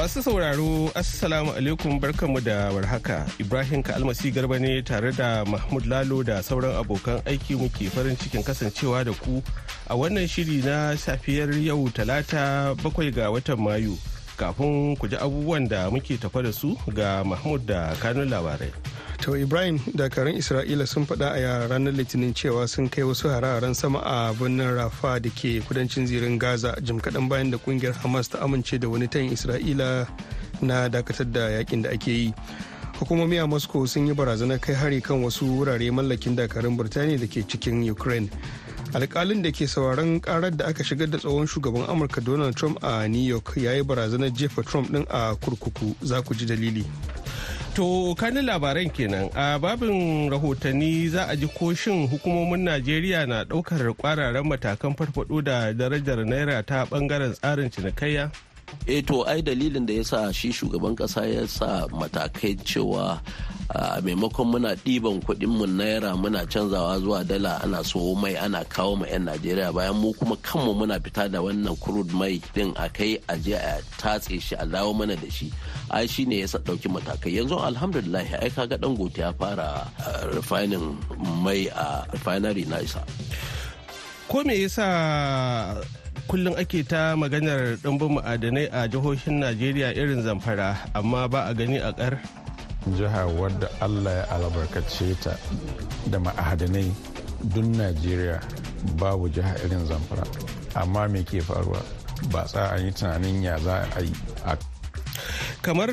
Masu sauraro Assalamu alaikum barkanmu da warhaka Ibrahim ka almasi Garba ne tare da Mahmud Lalo da sauran abokan aiki muke farin cikin kasancewa da ku a wannan shiri na safiyar yau talata bakwai ga watan Mayu. kafin ku ji abubuwan da muke tafa da su ga Mahmud da kanun labarai. To Ibrahim dakarun Isra'ila sun faɗa a ranar Litinin cewa sun kai wasu hararen sama a birnin Rafa da ke kudancin zirin Gaza jim kaɗan bayan da kungiyar Hamas ta amince da wani tayin Isra'ila na dakatar da yakin da ake yi. Hukumomi a Moscow sun yi barazanar kai hari kan wasu wurare mallakin dakarun Birtaniya da ke cikin Ukraine. alkalin da ke sauraron karar da aka shigar da tsohon shugaban amurka donald trump a new york ya yi barazanar jefa trump din a kurkuku za ku ji dalili to kanin labaran kenan a babin rahotanni za a ji ko shin hukumomin najeriya na daukar kwararren matakan farfado da darajar naira ta bangaren tsarin cinikayya e to ai dalilin da ya sa shi shugaban kasa ya sa matakai cewa a maimakon muna ɗiban kuɗin mu naira muna canzawa zuwa dala ana so mai ana kawo ma 'yan najeriya bayan mu kuma kanmu muna fita da wannan crude mai din a kai a je a tatse shi a dawo mana da shi ai shi ne ya ɗauki matakai yanzu alhamdulillah ai kaga dangote ya fara refining mai a refinery na isa ko me yasa kullum ake ta maganar ɗumbin ma'adanai a jihohin najeriya irin zamfara amma ba a gani a ƙar jiha wadda allah ya albarkace ta da ma'adanai dun najeriya babu jiha irin zamfara amma me ke faruwa ba tsa an yi tunanin ya za a yi a kamar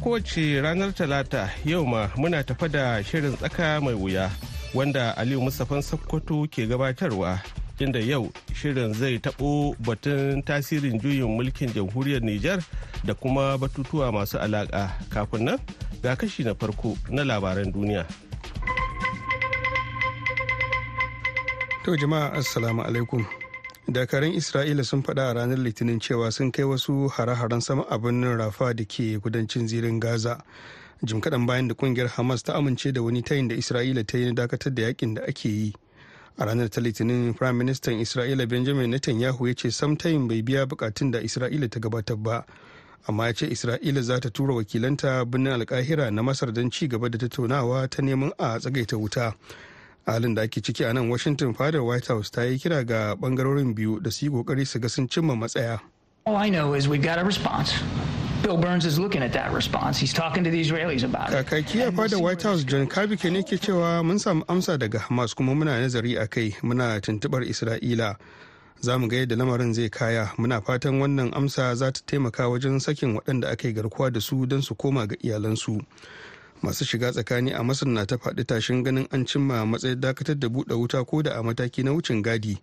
kowace ranar talata yau ma muna tafa da shirin tsaka mai wuya wanda aliyu mustapha sakkwato ke gabatarwa inda yau shirin zai tabo batun tasirin juyin mulkin jamhuriyar Nijar da kuma batutuwa masu alaƙa kafin nan ga kashi na farko na labaran duniya. To jama'a assalamu alaikum. Dakarun Isra'ila sun faɗa a ranar Litinin cewa sun kai wasu hare-haren sama a birnin Rafa da ke kudancin zirin Gaza. Jim kaɗan bayan da ƙungiyar Hamas ta amince da wani tayin da Isra'ila ta yi na dakatar da yakin da ake yi. a ranar ta litinin prime minister isra'ila benjamin netanyahu ya ce samtayin bai biya bukatun da isra'ila ta gabatar ba amma ya ce isra'ila za ta tura wakilanta birnin alkahira na masar don ci gaba da tattaunawa ta neman a tsagaita wuta halin da ake ciki a nan washington fadar white house ta yi kira ga bangarorin biyu da su yi kokari su ga sun cimma matsaya All I know Bill Burns is looking at that response. He's talking to the Israelis Kakaki a fada White House John Kirby ke ne ke cewa mun samu amsa daga Hamas kuma muna nazari a kai muna tuntubar Isra'ila. Za mu ga yadda lamarin zai kaya muna fatan wannan amsa za ta taimaka wajen sakin waɗanda aka yi garkuwa da su don su koma ga iyalansu. Masu shiga tsakani a Masar na ta faɗi tashin ganin an cimma matsayin dakatar da buɗe wuta ko da a mataki na wucin gadi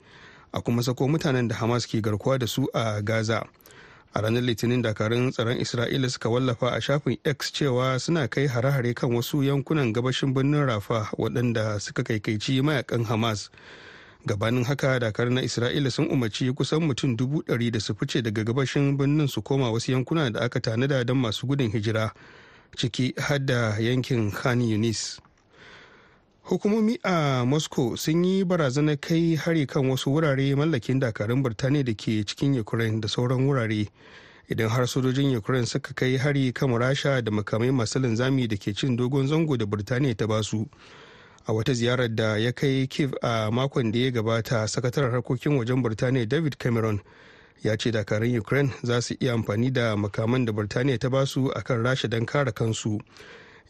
a kuma sako mutanen da Hamas ke garkuwa da su a Gaza. a ranar litinin dakarun tsaron isra'ila suka wallafa a shafin x cewa suna kai hare-hare kan wasu yankunan gabashin birnin rafa waɗanda suka kaikaici mayakan hamas gabanin haka dakarun na isra'ila sun umarci kusan mutum dubu ɗari da su fice daga gabashin birnin su koma wasu yankuna da aka tanada don masu gudun hijira ciki har yankin khan yunis hukumomi a moscow sun yi barazanar kai hari kan wasu wurare mallakin dakarun birtaniya da ke cikin ukraine da sauran wurare idan har sojojin ukraine suka kai hari kan rasha da makamai masu linzami da ke cin dogon zango da birtaniya ta basu a wata ziyarar da ya kai kiv a makon da ya gabata sakataren harkokin wajen birtaniya david cameron ya ce dakarun ukraine za su iya amfani da makaman da birtaniya ta basu akan rasha don kare kansu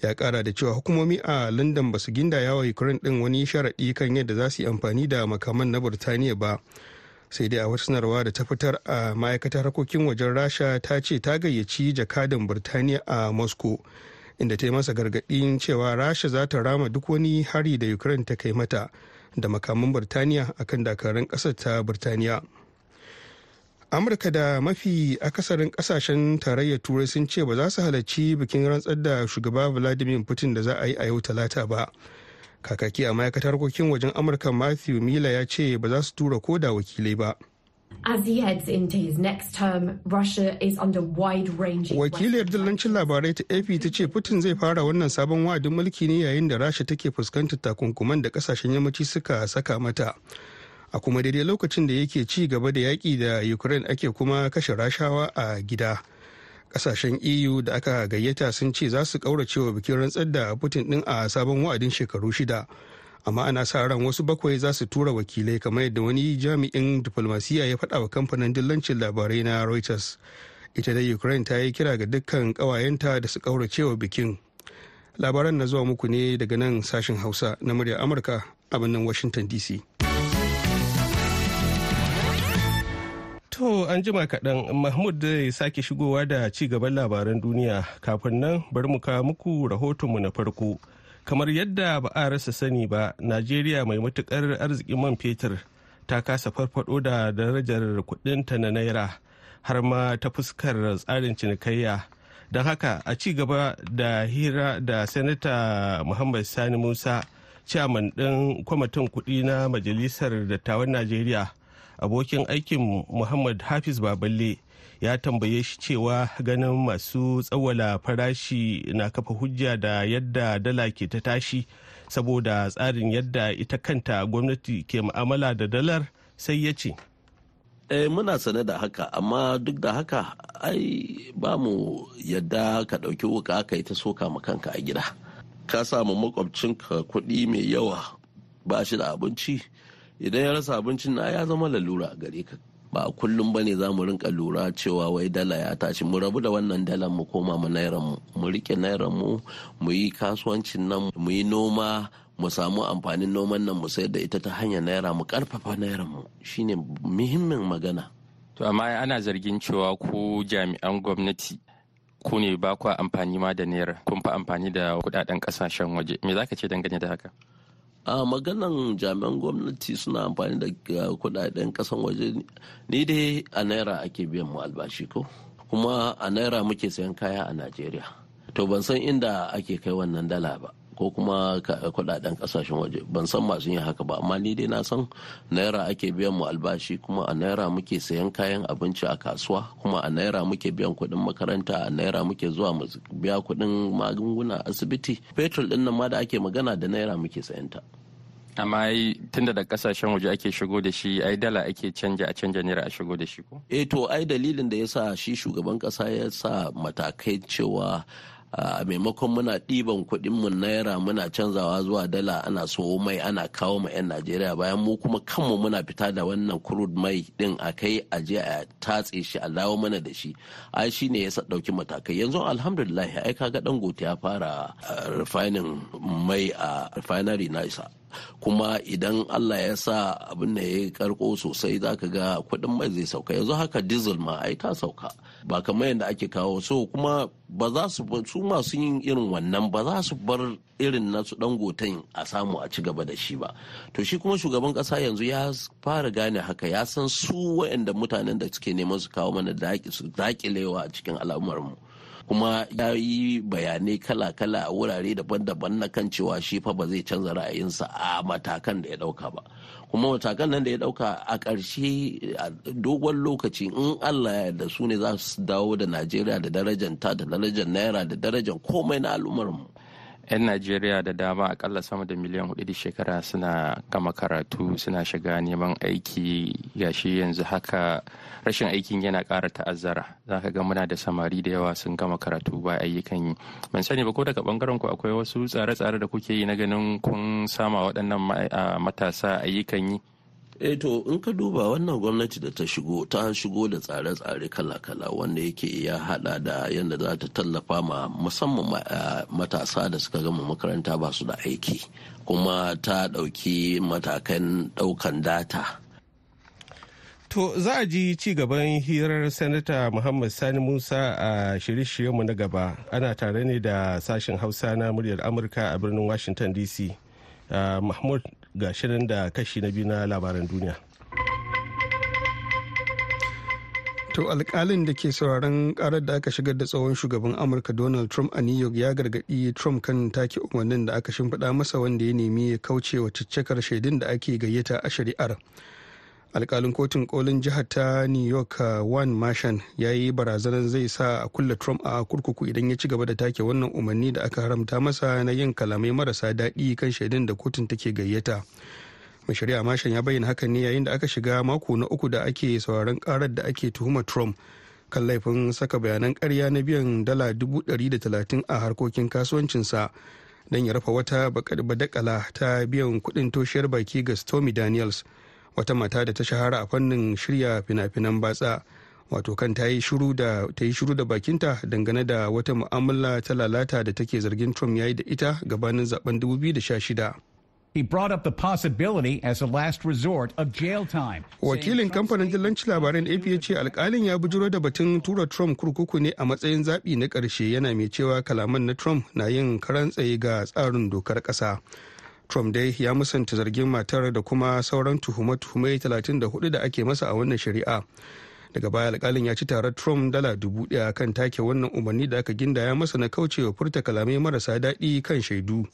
ya kara da cewa hukumomi a london ba su gindaya wa ukraine din wani sharaɗi kan yadda za su yi amfani da makaman na burtaniya ba sai dai a wata sanarwa da ta fitar a ma'aikatar harkokin wajen rasha ta ce ta gayyaci jakadan burtaniya a moscow inda ta yi masa gargaɗin cewa rasha za ta rama duk wani hari da ukraine ta kai mata da makaman burtaniya akan dakarun ƙasar ta burtaniya amurka da mafi akasarin kasashen tarayyar turai sun ce ba za su halarci bikin rantsar da shugaba vladimir putin da za a yi a yau talata ba kakaki a ma'aikatar harkokin wajen amurka matthew miller ya ce ba za su tura ko da wakilai ba wakiliyar dillancin labarai ta AP ta ce Putin zai fara wannan sabon wa'adin mulki ne yayin da Rasha take fuskantar takunkuman da kasashen yammaci suka saka mata. a kuma daidai lokacin da yake ci gaba da yaƙi da ukraine ake kuma kashe rashawa a gida ƙasashen eu da aka gayyata sun ce za su kauracewa bikin rantsar da putin din a sabon wa'adin shekaru shida amma ana sa ran wasu bakwai za su tura wakilai kamar yadda wani jami'in diflomasiya ya faɗa wa kamfanin dillancin labarai na reuters ita dai ukraine ta yi kira ga dukkan ƙawayenta da su ƙauracewa bikin labaran na zuwa muku ne daga nan sashen hausa na murya amurka a birnin washington dc an jima kaɗan Mahmud zai sake shigowa da ci gaban labaran duniya kafin nan bari mu kawo muku rahotonmu na farko. Kamar yadda ba a rasa sani ba, Najeriya mai matukar arzikin man fetur ta kasa farfado da darajar kuɗinta na naira har ma ta fuskar tsarin cinikayya. Don haka a ci gaba da hira da Sanata Muhammad Sani Musa, ciyaman ɗin kwamitin kuɗi na Majalisar Dattawan Najeriya. abokin aikin muhammad hafiz baballe ya tambaye shi cewa ganin masu tsawala farashi na kafa hujja da yadda dala ke ta tashi saboda tsarin yadda ita kanta gwamnati ke mu'amala da dalar sai ya ce eh muna sane da haka amma duk da haka ai ba mu yadda ka ɗauki wuka ka yi ta soka ma kanka a gida ka samu makwabcinka kuɗi mai yawa ba shi da abinci idan ya rasa abincin na ya zama lalura gare ka ba a kullum bane za mu rinka lura cewa wai dala ya tashi mu rabu da wannan dalan mu koma mu nairan mu mu rike nairan mu mu yi kasuwancin nan mu yi noma mu samu amfanin noman nan mu sayar da ita ta hanyar naira mu karfafa nairan mu shine muhimmin magana to amma ana zargin cewa ko jami'an gwamnati ku ne ba ku amfani ma da naira kun fa amfani da kudaden kasashen waje me zaka ce dangane da haka a maganan jami'an gwamnati suna amfani da eh, kudaden kasan waje ni dai a naira ake biyan mu albashi ko kuma a naira muke sayan kaya a najeriya to ban san inda ake kai wannan dala ba ko kuma kudaden kasashen waje ban san masu yin haka ba amma ni dai na san naira ake biyan mu albashi kuma a naira muke sayan kayan abinci a kasuwa kuma a naira muke biyan kuɗin makaranta a naira muke zuwa mu biya kuɗin magunguna asibiti petrol din nan ma da ake magana da naira muke sayan ta amma tunda da kasashen waje ake shigo da shi ai dala ake canja a canja naira a shigo da shi ko eh to ai dalilin da yasa shi shugaban kasa ya sa matakai cewa a maimakon muna ɗiban kuɗin mu naira muna canzawa zuwa dala ana so mai ana kawo ma 'yan najeriya bayan mu kuma kanmu muna fita da wannan crude mai ɗin a kai a je a tatse shi a dawo mana da shi a shi ne ya ɗauki matakai yanzu alhamdulillah ai kaga dangote ya fara refining mai a refinery nasa kuma idan Allah ya sa abin da ya karko sosai za ka ga kuɗin mai zai sauka yanzu haka diesel ma ai ta sauka ba kamar yadda ake kawo so kuma ba za su su masu yin irin wannan ba za su bar irin nasu dangoten a samu a ci gaba da shi ba to shi kuma shugaban kasa yanzu ya fara gane haka ya san su waɗanda mutanen da suke neman su kawo mana dakilewa a cikin mu kuma ya yi bayanai kala-kala a wurare daban-daban na kan cewa shi fa ba zai canza ra'ayinsa a matakan da ya ɗauka ba kuma matakan nan da ya dauka a ƙarshe a dogon lokaci in allah ya da su ne za su dawo da najeriya da darajan ta da darajar naira da darajar komai na al'ummar mu 'yan najeriya da dama akalla sama da miliyan hudu da shekara suna gama karatu suna shiga neman aiki gashi yanzu haka rashin aikin yana kara ta'azzara za ka ga muna da samari da yawa sun gama karatu ba ayyukan yi ban sani ba ko daga bangaren ku akwai wasu tsare-tsare da kuke yi na ganin kun sama waɗannan matasa ayyukan yi eh to in ka duba wannan gwamnati da ta shigo ta shigo da tsare-tsare kala-kala wanda yake ya hada da yadda za ta tallafa ma musamman eh, matasa da suka gama makaranta ba su da aiki kuma ta ɗauki matakan ɗaukan data To za a ji ci gaban hirar Sanata Muhammad Sani Musa a shirye-shiryenmu na gaba ana tare ne da sashen Hausa na muryar Amurka a birnin Washington DC. Ah, Mahmud ga shirin da kashi na biyu na labaran duniya. To alkalin da ke sauraron karar da aka shigar da tsohon shugaban Amurka Donald Trump a New York ya gargaɗi Trump kan take umarnin da aka shimfiɗa masa wanda ya nemi ya kauce wa ciccekar shaidun da ake gayyata a shari'ar. alkalin kotun kolin jihar ta new york one uh, martian ya yi barazanar zai sa a kulle trump a kurkuku idan ya ci gaba da take wannan umarni da aka haramta masa na yin kalamai marasa daɗi kan shaidun da kotun take gayyata mai shari'a martian ya bayyana hakan ne yayin da aka shiga mako na uku da ake sauraron karar da ake tuhuma trump kan laifin saka bayanan karya na biyan dala talatin a harkokin kasuwancinsa don ya rafa wata badakala ta biyan kuɗin toshiyar baki ga stormy daniels wata mata da ta shahara a fannin shirya fina-finan batsa wato kan ta yi shiru da bakinta dangane da wata mu'amala ta lalata da take zargin trump ya yi da ita gabanin zaben 2016 He brought up the possibility as a last resort of jail time. Wakilin kamfanin dillanci labaran AP ya ce alkalin ya bujuro da batun tura Trump kurkuku ne a matsayin zaɓi na ƙarshe yana mai cewa kalaman na Trump na yin karantsaye ga tsarin dokar ƙasa. Trump dai ya musanta zargin matar da kuma sauran tuhume-tuhume 34 da ake masa a wannan shari'a. Daga baya alkalin ya ci tarar Trump dala dubu daya kan take wannan umarni da aka gindaya masa na kauce wa furta kalamai marasa daɗi kan shaidu.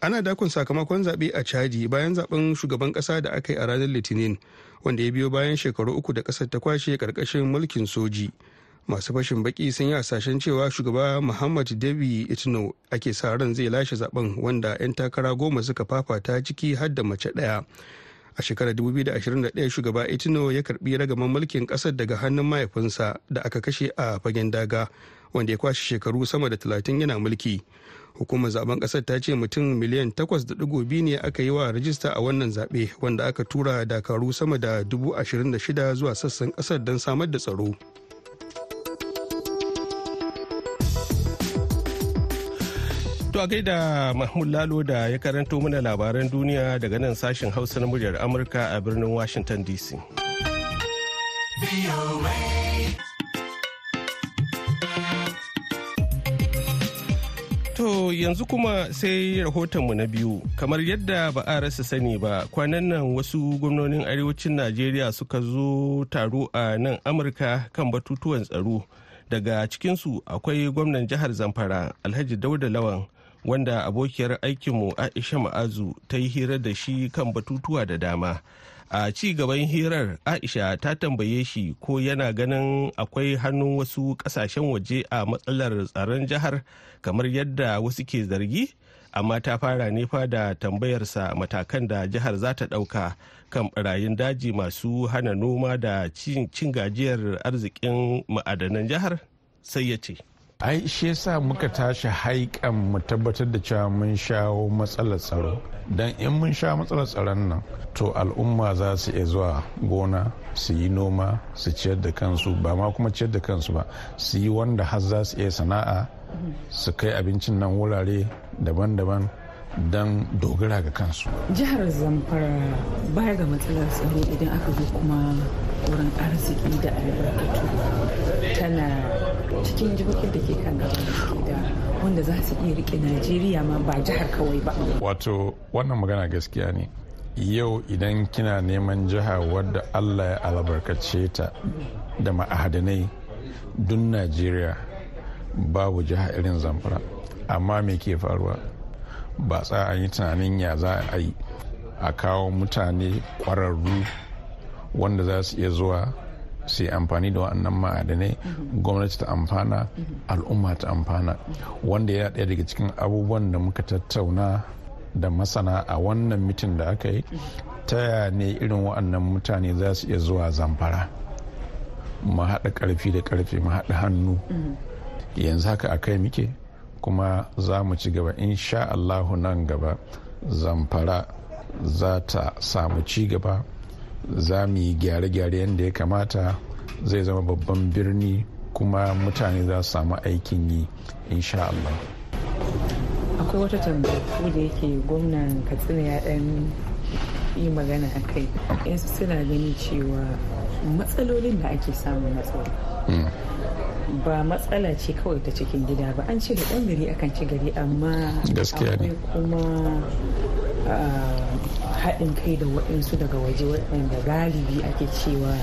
Ana dakon sakamakon zaɓe a Chadi bayan zaben shugaban ƙasa da aka yi a ranar Litinin, wanda ya biyo bayan shekaru uku da ƙasar ta kwashe ƙarƙashin mulkin soji. masu fashin baki sun yi hasashen cewa shugaba muhammad dabi itno ake sa ran zai lashe zaben wanda 'yan takara goma suka fafata ciki har da mace daya a shekarar 2021 shugaba itno ya karbi ragaman mulkin kasar daga hannun mahaifinsa da aka kashe a fagen daga wanda ya kwashe shekaru sama da 30 yana mulki hukumar zaben kasar ta ce mutum miliyan 8.2 ne aka yi wa rajista a wannan zaɓe wanda aka tura dakaru sama da 26,000 zuwa sassan kasar don samar da tsaro To a gaida Mahmud Lalo da ya karanto mana labaran duniya daga nan sashen Hausa na muryar Amurka a birnin Washington DC. To yanzu kuma sai rahotonmu na biyu kamar yadda ba a rasa sani ba kwanan nan wasu gwamnonin arewacin Najeriya suka zo taro a nan Amurka kan batutuwan tsaro daga cikinsu akwai gwamnan jihar Zamfara Alhaji Dauda Lawan wanda abokiyar aikinmu aisha ma'azu ta yi hira da shi kan batutuwa da dama a ci gaban hirar aisha ta tambaye shi ko yana ganin akwai hannun wasu kasashen waje a matsalar tsaron jihar kamar yadda wasu ke zargi amma ta fara nefa da tambayarsa matakan da jihar za ta ɗauka kan barayin daji masu hana noma da cin gajiyar arzikin ma'adanan jihar sai ya ce ai shi yasa muka tashi haikan mu tabbatar da cewa mun shawo matsalar tsaro don in mun sha matsalar tsaron nan to al'umma za su iya zuwa gona su yi noma su ciyar da kansu ba ma kuma ciyar da kansu ba su yi wanda har za su iya sana'a su kai abincin nan wurare daban-daban don dogara ga kansu jihar zamfara baya ga matsalar tsaro idan aka zo kuma wurin arziki da albarkatu tana cikin jihohin da ke kan gaba da wanda za su iya rike najeriya ma ba jihar kawai ba wato wannan magana gaskiya ne yau idan kina neman jiha wadda allah ya albarkace ta da ma'adanai dun najeriya babu jiha irin zamfara amma me ke faruwa ba tsa an yi tunanin ya za a yi a kawo mutane kwararru wanda za su iya zuwa sai amfani da wa'annan ma'adanai gwamnati ta amfana al'umma ta amfana wanda ya ɗaya daga cikin abubuwan da muka tattauna da masana a wannan mitin da aka yi ta ne irin wa'annan mutane za su iya zuwa zamfara mu haɗa ƙarfi da ƙarfi mu haɗa hannu yanzu haka a kai muke kuma za mu ci gaba insha allahu nan gaba zamfara za ta samu ci gaba za mu yi gyare-gyare yadda ya kamata zai zama babban birni kuma mutane za su samu aikin yi insha Allah. akwai wata tambaya da yake gwamnan katsina ya dan yi magana a kai yansu suna gani cewa matsalolin da ake samun matsala hmm. ba matsala ce kawai ta cikin gida ba an ce da ɗan gari akan ci gari amma akwai kuma haɗin kai da waɗansu daga waje waɗanda galibi ake cewa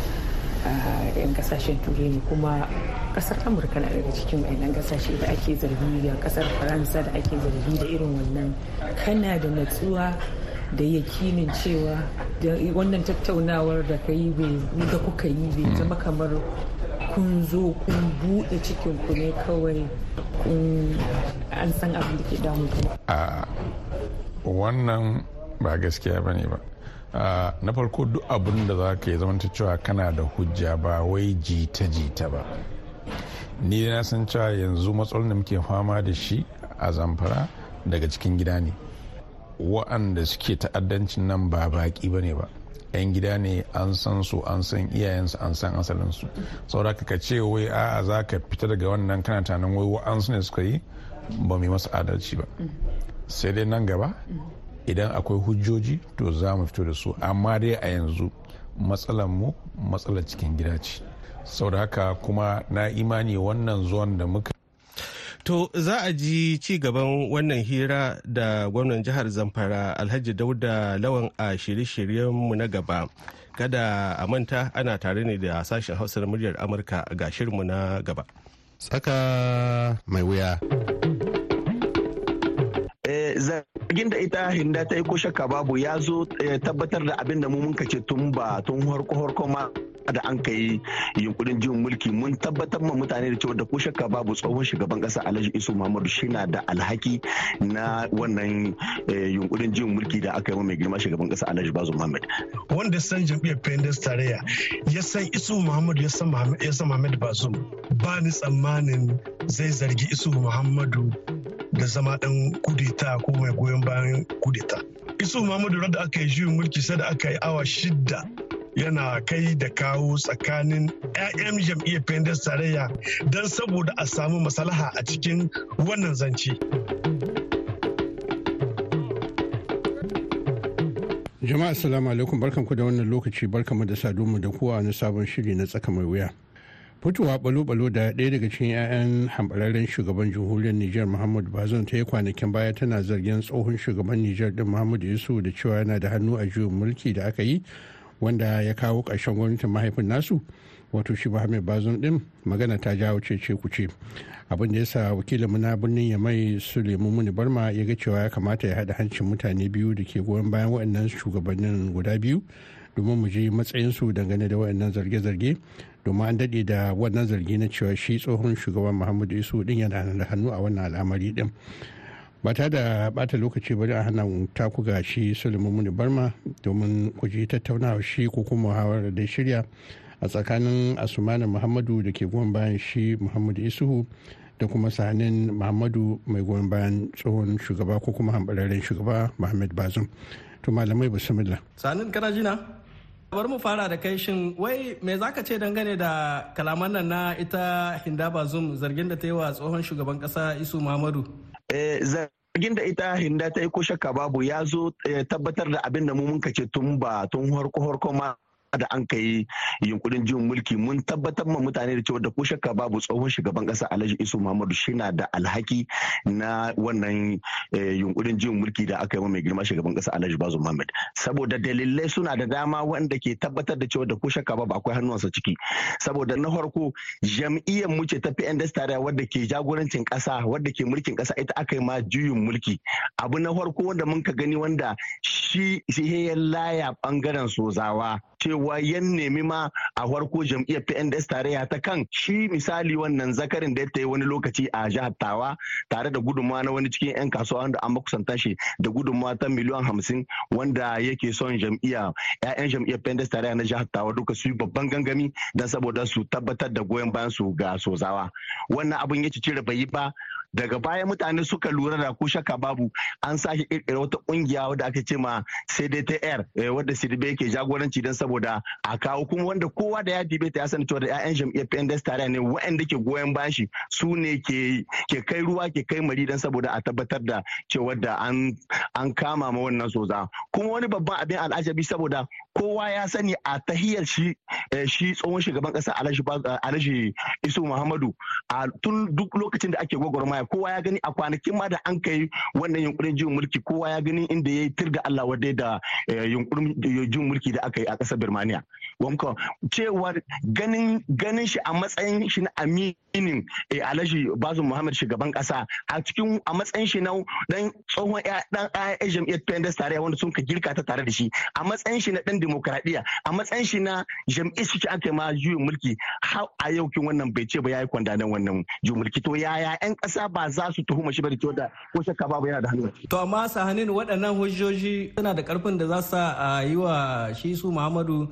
'yan kasashen turai ne kuma ƙasar amurka na daga cikin wayannan kasashe da ake zargi da kasar faransa da ake zargi da irin wannan kana da natsuwa da yakinin cewa wannan tattaunawar da ka yi da kuka yi bai hmm. zama kamar kun zo kun buɗe cikin ne kawai kun an san abin da ke damu wannan ba gaskiya ba ne ba na farko duk abin da za ka yi zamanta cewa kana da hujja ba wai jita-jita ba ni na san cewa yanzu matsalolin da muke fama da shi a zamfara daga cikin gida ne wa'anda suke ta'addancin nan ba baƙi ba ne ba 'yan gida ne an san su an san iyayensu an san asalinsu saboda ka ce wai a'a za ka fita daga wannan kana tanan wai wa'ansu ne suka yi ba mai masu adalci ba sai dai nan gaba idan akwai hujjoji to za mu fito da su amma dai a yanzu matsalar mu matsalar cikin gida ce sau da haka kuma na imani wannan zuwan da muka To za a ji ci gaban wannan hira da gwamnan jihar Zamfara Alhaji Dauda Lawan a shirye-shiryenmu na gaba. Kada a manta ana tare ne da sashen hausar muryar Amurka ga shirinmu na gaba. Tsaka mai wuya. zargin da ita hinda ta yi ko shakka babu ya zo eh, tabbatar da abin da mu mun kace tun ba tun harko harko ma da an kai yunkurin jin mulki mun tabbatar ma mutane da cewa da ko shakka babu tsohon shugaban kasa Alhaji Isu Muhammadu shina da alhaki na wannan eh, yunkurin jin mulki da aka yi wa mai girma shugaban kasa Alhaji Bazoum Muhammad wanda san jami'a Pendes tarayya ya san Isu Muhammadu ya san Muhammad ya san Muhammad Bazoum ba ni tsammanin zai zargi Isu Muhammadu da zama dan kudeta ko mai goyon bayan kudeta. Isu Muhammadu da aka yi jin mulki sai da aka yi awa shidda yana kai da kawo tsakanin 'ya'yan jam'iyyar pendes tarayya don saboda a samu masalaha a cikin wannan zance. jama'a assalamu alaikum barkanku da wannan lokaci barkanmu da saduwa da kowa na sabon shiri na tsaka mai wuya fitowa balo-balo da daya daga cikin 'ya'yan hambararren shugaban jamhuriyar niger muhammad bazon ta yi kwanakin baya tana zargin tsohon shugaban niger din muhammad yusuf da cewa yana da hannu a juyin mulki da aka yi wanda ya kawo ƙarshen gwamnatin mahaifin nasu wato shi Muhammad bazon din magana ta jawo cece kuce abin da ya sa wakilinmu na birnin ya mai Sulemu Muni Barma ya ga cewa ya kamata ya haɗa hancin mutane biyu da ke goyon bayan waɗannan shugabannin guda biyu domin mu ji matsayinsu dangane da waɗannan zarge-zarge domin an dade da wannan zargi na cewa shi tsohon shugaban Muhammadu Isu din yana da hannu a wannan al'amari ɗin. ba ta da bata lokaci bari a hannun ku ga shi suleiman muni barma domin ku ji tattaunawa shi ko kuma hawar da shirya a tsakanin asumana muhammadu da ke goyon bayan shi muhammadu isuhu da kuma sanin muhammadu mai goyon bayan tsohon shugaba ko kuma hambararren shugaba muhammad bazum to malamai bismillah sanin kana jina bari mu fara da kai shin wai me zaka ce dangane da kalaman nan na ita hinda bazum zargin da ta yi wa tsohon shugaban kasa isu muhammadu Eh, zargin da ita hinda ta yi ko shakka babu ya zo eh, tabbatar da abin da mu muka ce tun ba tun harko harko ma da an yi yunkurin jin mulki mun tabbatar ma mutane da cewa da ko shakka babu tsohon shugaban kasa Alhaji Isu Muhammadu shina da alhaki na wannan eh, yunkurin jin mulki da aka yi mai girma shugaban kasa Alhaji Bazoum Muhammad saboda dalilai suna da dama wanda ke tabbatar da cewa da ko shakka babu akwai hannuwansa ciki saboda na farko jam'iyyar mu ce ta PNDS tare wadda ke jagorancin kasa wadda ke mulkin kasa ita aka yi ma juyin mulki abu na farko wanda mun ka gani wanda shi sai ya laya bangaren sozawa cewa cewa yan nemi ma a farko jam'iyyar PNDS tarayya ta kan shi misali wannan zakarin da ta yi wani lokaci a jihar Tawa tare da gudunmawa na wani cikin 'yan kasuwa wanda an makusanta shi da gudunmawa ta miliyan hamsin wanda yake son jam'iyya 'ya'yan jam'iyyar PNDS tarayya na jihar Tawa duka su yi babban gangami don saboda su tabbatar da goyon bayan su ga sozawa wannan abin ya ci cire bai yi ba daga baya mutane suka lura da ko shaka babu an sake kirkira wata kungiya wadda aka ce ma CDTR eh, wadda Sidibe ke jagoranci don saboda a kawo kuma wanda kowa da ya dibe ta ya sani cewa da ƴaƴan jam'iyyar PNDS tare ne waɗanda ke goyon bashi su ne ke kai ruwa ke kai mari don saboda a tabbatar da cewa da an kama ma wannan soza kuma wani babban abin al'ajabi saboda kowa ya sani a tahiyar shi eh, shi tsohon shugaban kasa eh, alhaji isu muhammadu a tun duk lokacin da ake gwagwarmaya kowa ya gani a kwanakin ma da an kai wannan yunkurin jin mulki kowa ya gani inda ya yi tirga allah wadai da eh, yunkurin jin mulki da aka yi a kasar birmaniya wanka cewar ganin ganin shi a matsayin shi na aminin alhaji bazu muhammad shugaban kasa a cikin a matsayin shi na dan tsohon dan jam'iyyar pendas tare wanda sun ka girka ta tare da shi a matsayin shi na dan dimokuraɗiyya a matsayin shi na jam'i suke aka ma juyin mulki har a yau kin wannan bai ce ba yayi kwandanan wannan juyin mulki to yaya yan ƙasa ba za su tuhuma shi ba da ko da ko shakka babu yana da hannu to amma hannun waɗannan hujjoji suna da ƙarfin da za su yi wa shi su Muhammadu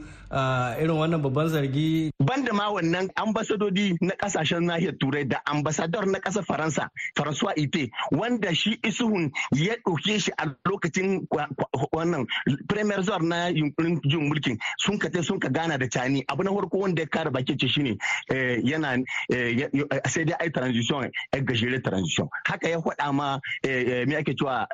irin wannan babban zargi Ban da ma wannan ambasadodi na ƙasashen nahiyar turai da ambasador na ƙasa faransa faransuwa ite wanda shi isuhun ya ɗauke shi a lokacin wannan premier zuwa na yunkurin jin mulkin sun ka sun ka gana da cani abu na farko wanda ya kare baki ce shine eh, yana eh, sai dai ai transition ai gajere transition haka ya faɗa ma eh, me ake cewa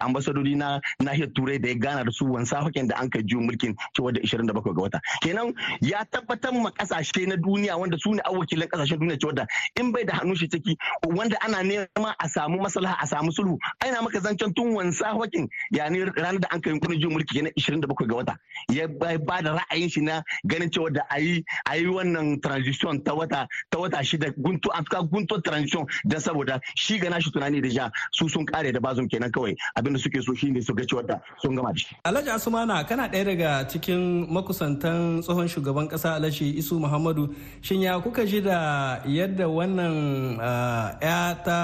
ambasadori na nahiyar turai da ya gana da su wansa hakan da an kai jin mulkin cewa da 27 ga wata kenan ya tabbatar ma kasashe na duniya wanda su ne awakilan kasashen duniya cewa da in bai da hannu shi ciki wanda ana nema a samu maslaha a samu sulhu aina maka zancen tun wansa hakan yani ranar da an kai yunkurin jin mulki kenan 27 ga wata ya ba da ra'ayin shi na ganin cewa da a yi wannan transition ta wata ta wata shida guntu an ka guntu transition da saboda shi ga shi tunani da ja su sun kare da bazum kenan kawai abinda suke so shine su ga cewa da sun gama shi Alhaji Asumana kana ɗaya daga cikin makusantan tsohon shugaban kasa Alhaji Isu Muhammadu shin ya kuka ji da yadda wannan ah, ya ta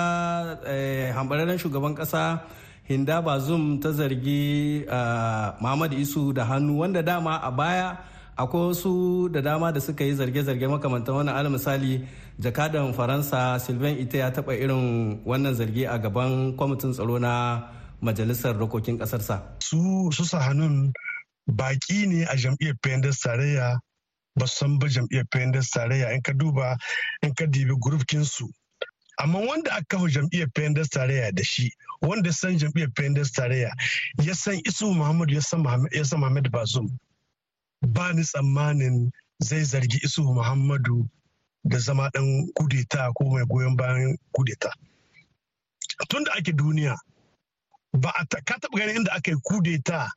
eh, hambararren shugaban kasa hinda bazum ta zargi ah, muhammad isu da hannu wanda dama a baya akwai wasu da dama da suka yi zarge-zarge makamantan wannan alal misali jakadan faransa sylvain ita ya taba irin wannan zargi a gaban kwamitin tsaro na majalisar dokokin kasarsa su su hannun baki ne a jam'iyyar pendas tarayya ba san ba jam'iyyar pendas tarayya in ka duba in ka dibi gurufkinsu amma wanda aka kafa jam'iyyar pendas tarayya da shi wanda san jam'iyyar pendas tarayya ya san isu muhammadu ya san muhammad bazum ba ni tsammanin zai zargi isu muhammadu da zama dan kudeta ko mai goyon bayan kudeta tun da ake duniya ba a ka taɓa ganin inda aka yi kudeta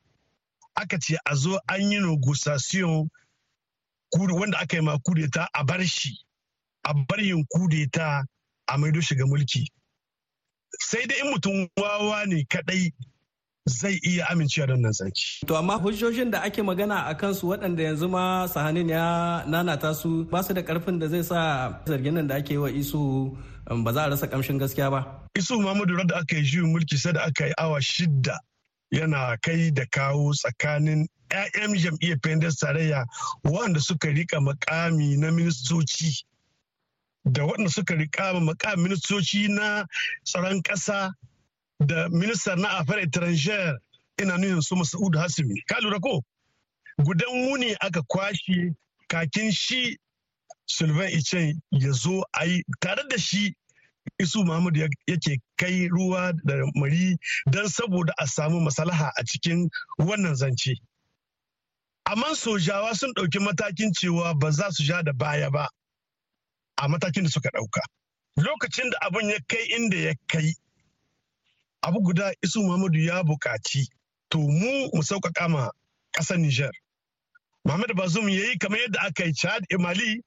aka ce a zo an yi negotiation wanda aka yi ma kudeta a bar shi a bar yin kudeta a maido shiga mulki sai dai in mutum wawa ne kadai zai iya amincewa da wannan sarki. To amma hujjojin da ake magana a kansu waɗanda yanzu ma sahanin ya nanata su ba su da karfin da zai sa zargin nan da ake wa isu um, ba za a rasa kamshin gaskiya ba. Isu Muhammadu da aka yi juyin mulki sai da aka yi awa shidda yana kai da kawo tsakanin 'ya'yan jam'iyyar pendas tarayya waɗanda suka rika makami na ministoci da waɗanda suka riƙa makam ministoci na tsaron ƙasa da minista na afar étrangère ina nuna su Mas'ud Hasimi. Ka lura ko? Gudan wuni aka kwashe kakin shi sulvan Icen ya zo a yi tare da shi Isu Muhammadu yake kai ruwa da mari don saboda a samu masalaha a cikin wannan zance. Amma sojawa sun ɗauki matakin cewa ba za su sha da baya ba. a matakin da suka ɗauka. Lokacin da abin ya kai inda ya kai, abu guda Isu Muhammadu ya buƙaci, to mu mu sauƙaƙa ma ƙasar Nijar. Muhammadu Bazoum ya yi kamar yadda aka yi Chad eh, Mali,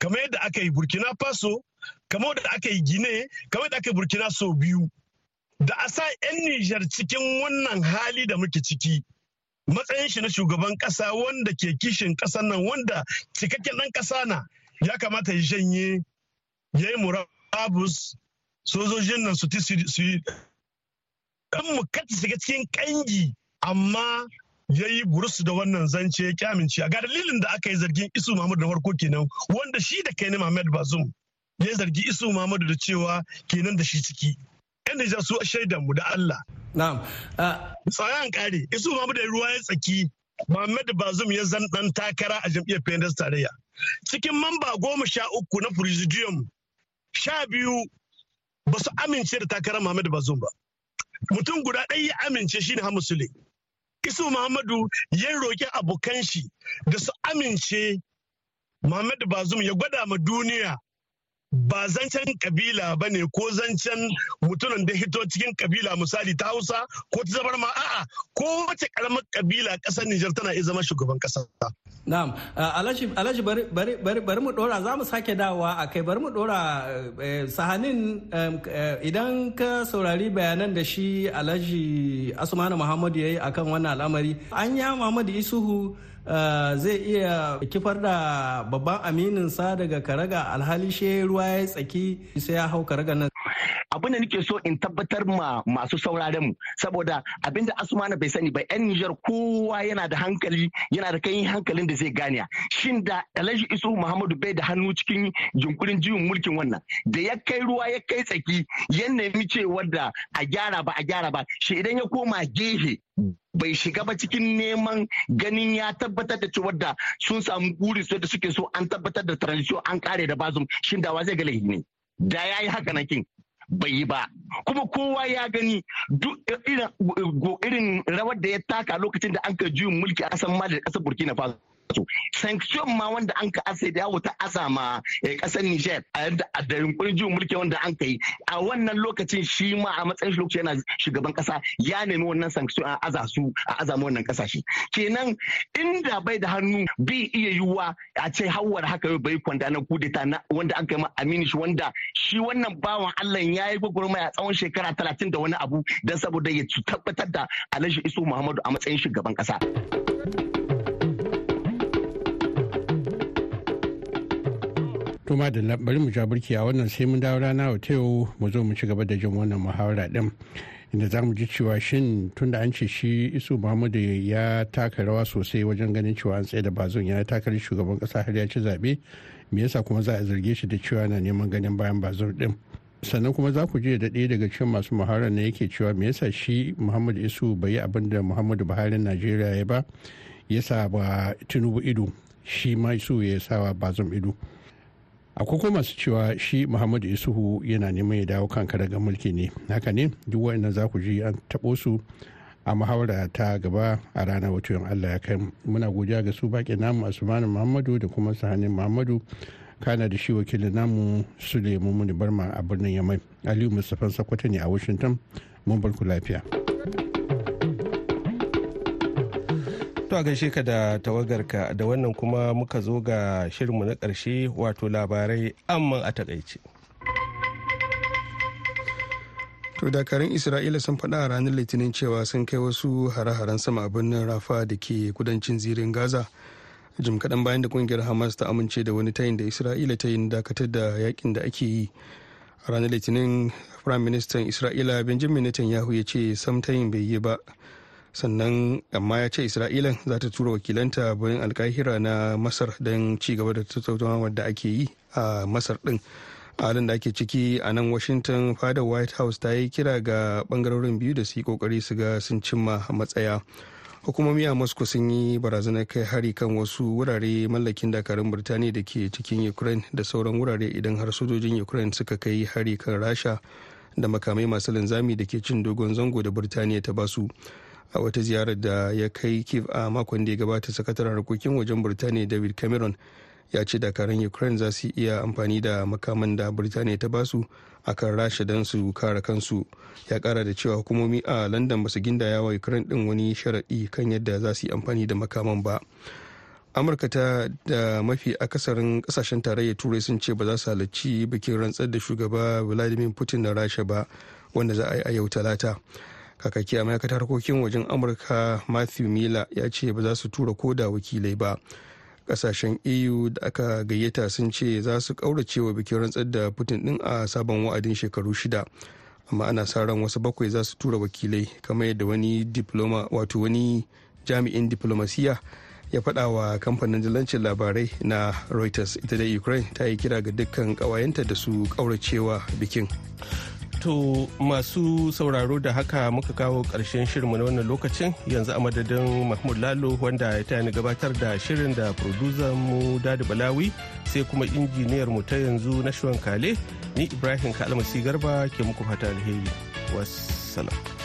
kamar yadda aka yi Burkina Faso, kamar yadda aka yi Gine, kamar yadda aka yi Burkina so biyu. Da a sa 'yan Nijar cikin wannan hali da muke ciki, matsayin shi na shugaban ƙasa wanda ke kishin ƙasar nan wanda cikakken ɗan ƙasa na ya kamata ya janye ya yi murabus sojojin nan su ti su yi ɗan mu kati shiga cikin ƙangi amma ya yi burusu da wannan zance ya kyamince ga dalilin da aka yi zargin isu mahmud da farko kenan wanda shi da kai ne mahmud bazum ya yi zargi isu mahmud da cewa kenan da shi ciki yan nijar su shaidan mu da allah na'am tsayan kare isu mahmud da ruwa ya tsaki mahmud bazum ya zan dan takara a jam'iyyar pendas tarayya cikin mamba goma sha uku na presidium sha biyu ba su amince da takarar Muhammadu Bazoum ba. Mutum guda ɗaya ya amince shine sule Isu Muhammadu ya roƙi abokan shi da su amince Muhammadu Bazoum ya gwada ma duniya ba zancen kabila ba ne ko zancen mutumin da hito cikin kabila misali ta hausa ko ta zabar ma a'a ko wace karamar kabila kasar Nijar tana iya zama shugaban kasa. Na'am, Alhaji bari mu dora za mu sake dawa a kai bari mu dora eh, eh, sahanin eh, idan ka saurari bayanan da shi Alhaji Asmanu Muhammadu ya yi akan wannan al'amari an yi Muhammadu Isuhu Eh, zai iya kifar da babban aminin sa daga karaga alhali she ruwa ya tsaki sai ya hau karaga nan abin da nake so in tabbatar ma masu sauraren mu saboda abin da asmana bai sani ba yan nijar kowa yana da hankali yana da kai hankalin da zai gane shin da alhaji isu muhammadu bai da hannu cikin jinkurin jiwon mulkin wannan da ya kai ruwa ya kai tsaki ya nemi cewa da a gyara ba a gyara ba shi idan ya koma gehe bai shiga ba cikin neman ganin ya tabbatar da cewa da sun samu guri su da suke so an tabbatar da transition an kare da bazum shin da wa zai ga laifi ne da yayi haka na kin bai yi ba kuma kowa ya gani duk irin rawar da ya taka lokacin da an ka juyin mulki a kasan mali da kasar burkina faso su sanction ma wanda an ka asa da yawo ta asa ma eh, kasar Niger a yadda da yunkurin jin mulki wanda an kai a wannan lokacin shi ma a matsayin shi lokacin yana shugaban kasa ya nemi wannan sanction a aza a aza wannan kasashe kenan inda bai da hannu bi iya yiwuwa a ce hawar haka yau bai kwanda na kudeta na wanda an kai ma Aminu shi wanda shi wannan bawan Allah ya yi gwagwarmaya a tsawon shekara talatin da wani abu don saboda ya tabbatar da Alhaji Isu Muhammadu a matsayin shugaban kasa. to ma da bari mu ja burki a wannan sai mun dawo rana wata yau mu zo mu ci gaba da jin wannan muhawara din inda za mu ji cewa shin da an ce shi isu muhammadu ya taka rawa sosai wajen ganin cewa an tsaye da bazon ya takar shugaban kasa har ya ci zaɓe me yasa kuma za a zarge shi da cewa na neman ganin bayan bazon din sannan kuma za ku je da ɗaya daga cikin masu muhawara na yake cewa me yasa shi muhammadu isu bai yi abin da muhammadu buhari najeriya ya ba yasa ba tinubu ido shi ma isu ya sawa bazon ido akwai kuma masu cewa shi muhammadu isuhu yana neman ya dawo kan karagar mulki ne haka ne duk wa'annan za ku ji an taɓo su a muhawara ta gaba a ranar wato yin allah ya kai muna godiya ga su baƙi namu asumanin muhammadu da kuma sahanin muhammadu kana da shi wakilin namu su sule muni barma a birnin yamai aliyu mustapha sakwata ne a washington mun barku lafiya. To a gaishe ka da tawagar ka da wannan kuma muka zo ga shirinmu na ƙarshe wato labarai amma a takaice. To dakarun Isra'ila sun faɗa a ranar Litinin cewa sun kai wasu hare-haren sama a birnin Rafa da ke kudancin zirin Gaza. Jim kaɗan bayan da kungiyar Hamas ta amince da wani tayin da Isra'ila ta yi dakatar da yakin da ake yi. A ranar Litinin firaministan minister Isra'ila Benjamin Netanyahu ya ce sam tayin bai yi ba. sannan amma ya ce isra'ilan za ta tura wakilanta bayan alkahira na masar don ci gaba da tattaunawa da ake yi a masar din halin da ake ciki a nan washington fadar white house ta yi kira ga bangarorin biyu da su yi kokari su ga sun cimma matsaya hukumomi a moscow sun yi barazanar kai hari kan wasu wurare mallakin dakarun birtaniya da ke cikin ukraine da sauran wurare idan har sojojin ukraine suka kai hari kan rasha da makamai masu linzami da ke cin dogon zango da birtaniya ta basu. a wata ziyarar da ya kai kif a makon da ya gabata sakataren harkokin wajen birtaniya david cameron ya ce dakarun ukraine za su iya amfani da makaman da birtaniya ta basu a kan rasha don su kare kansu ya kara da cewa hukumomi a london ba su gindaya wa ukraine din wani sharaɗi kan yadda za su yi amfani da makaman ba amurka ta da mafi akasarin kasashen tarayyar turai sun ce ba za su halarci bikin rantsar da shugaba vladimir putin na rasha ba wanda za a yi a yau talata kakaki a ma'aikatar harkokin wajen amurka matthew miller ya ce ba za su tura ko da wakilai ba kasashen eu da aka gayyata sun ce za su kaurace wa bikin rantsar da putin din a sabon wa'adin shekaru shida amma ana sa ran wasu bakwai za su tura wakilai kamar yadda wani diploma wato wani jami'in diplomasiya ya faɗa wa kamfanin jalancin labarai na reuters ita da ukraine ta yi kira ga dukkan kawayenta da su ƙauracewa bikin To masu sauraro da haka muka kawo ƙarshen shirinmu na wannan lokacin yanzu a madadin Mahmud Lalo wanda ya taya ni gabatar da shirin da mu Dadi Balawi sai kuma injiniyar mu ta yanzu na Kale ni Ibrahim Kalmasi Garba ke muku fata alheri. Wassalam.